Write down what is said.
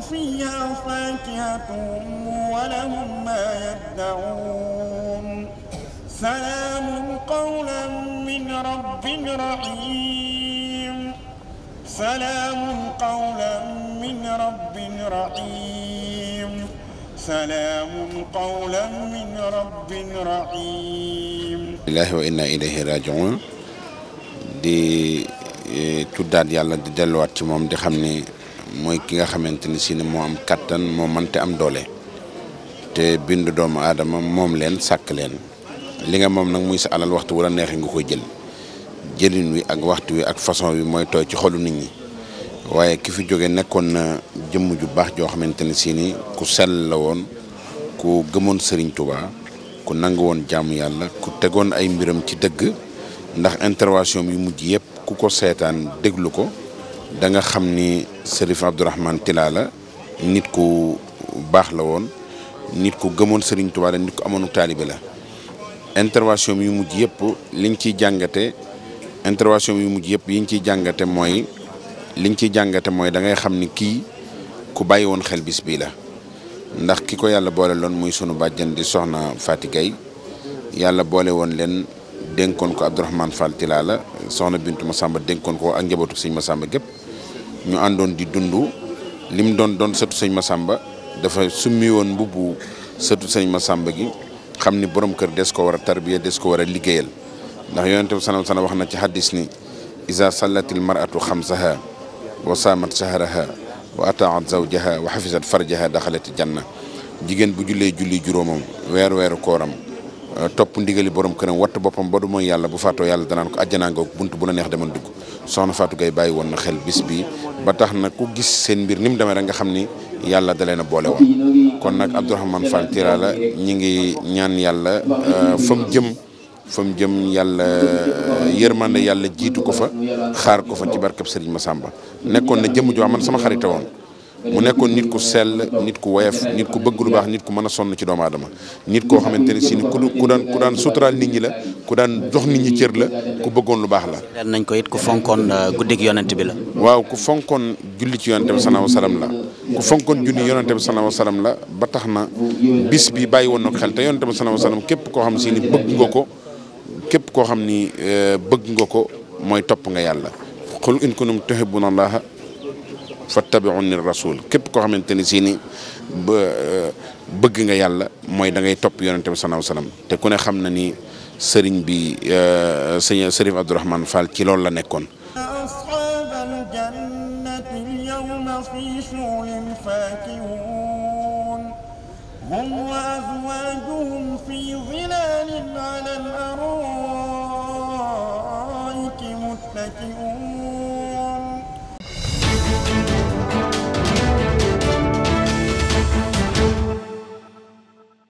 فيها فاكهة ولهم ما يدعون سلام قولا من رب رحيم سلام قولا من رب رحيم سلام قولا من رب رحيم الله وإنا إليه راجعون دي tuddaat yàlla di delluwaat ci moom di moy ki nga xamante ni mo ne moo am kattan moo mante am dole te bindu doom adam mom len sak len li nga mom nak muy sa alal waxtu wala neexee nga koy jël jëlin wi ak waxtu wi ak façon wi moy toy ci xolu nit ñi waye ki fi joge nekkon na jëm ju baax jo xamanteni ni ni ku sel la won ku gëmon Serigne Touba ku nang won jamm yalla ku tegon ay mbiram ci deug ndax intervention yu mujj yëpp ku ko seetaan deglu ko. da nga xam ni Serif Abdourahmane Tilala la nit ku baax la woon nit ku gëmoon Serigne Touba la nit ku amoon taalibe la intervention yu mujj yëpp liñ ciy jàngate intervention yu mujj yëpp yiñ ciy jàngate mooy liñ ciy jàngate mooy da ngay xam ni kii ku bàyyi woon xel bis bii la ndax ki ko yàlla boole loon muy sunu bàjjan di soxna Faty Gaye yàlla boole woon leen denkon ko Abdourahmane Fall Tilala sohna bintou Massamba denkon ko ak njabotou seigne Massamba gep ñu andon di dund lim don don seut seigne sëñ Massamba dafa summi won mbubbu seut seigne Massamba gi xamni borom keur des ko wara tarbiya des ko wara a ndax yonente sallallahu sallam ci hadith ni isa sallatil mar'atu khamsaha wa samat shahraha wa ataat zawjaha wa hafizat farjaha daxalat janna jigen bu julle julli juromam wer wer koram topp ndigali borom këram watt boppam ba du mooy yàlla bu faatoo yàlla danaan ko àjjanaa ngoog bunt bu la neex demal dugg soxna Fatou Gueye bàyyi woon na xel bis bi ba tax na ku gis seen mbir ni mu demee rek nga xam ni yàlla da na boole woon kon nag Abdourahmane Fall Tira la ñi ngi ñaan yàlla euh, fa mu jëm fa jëm yàlla euh, yërmande yàlla jiitu ko fa xaar ko fa ci barkab ma Massamba nekkoon na jëm joo man sama xarita woon mu nekkoon nit ku sell nit ku woyof nit ku bëgg lu baax nit ku mën a sonn ci doomu adama nit koo xamante ne si ni ku ku daan ku daan suturaal nit ñi la ku daan jox nit ñi cër la ku bëggoon lu baax la. nañ ko it ku fonkoon euh, guddik yonent bi la. waaw ku fonkoon julli ci yonent bi sallallahu alayhi wasallam la ku fonkoon julli yonent bi sallallahu alayhi wasallam la ba tax na bis bi bàyyi woon na ko xel te yonent bi sana alayhi wasallam képp koo xam si ni bëgg nga ko képp koo xam ni euh, bëgg nga ko mooy topp nga yàlla. qul in kuntum tuhibbuna allaha فاتبعوني الرسول كيب كو xamante ni si ni ba nga yàlla moy da ngay top yonentou bi sallallahu alayhi wasallam te kune xamna ni serigne bi sëñ Sërif Abdourahmane Fall ci lol la nekkon هم وأزواجهم في ظلال على الأرائك متكئون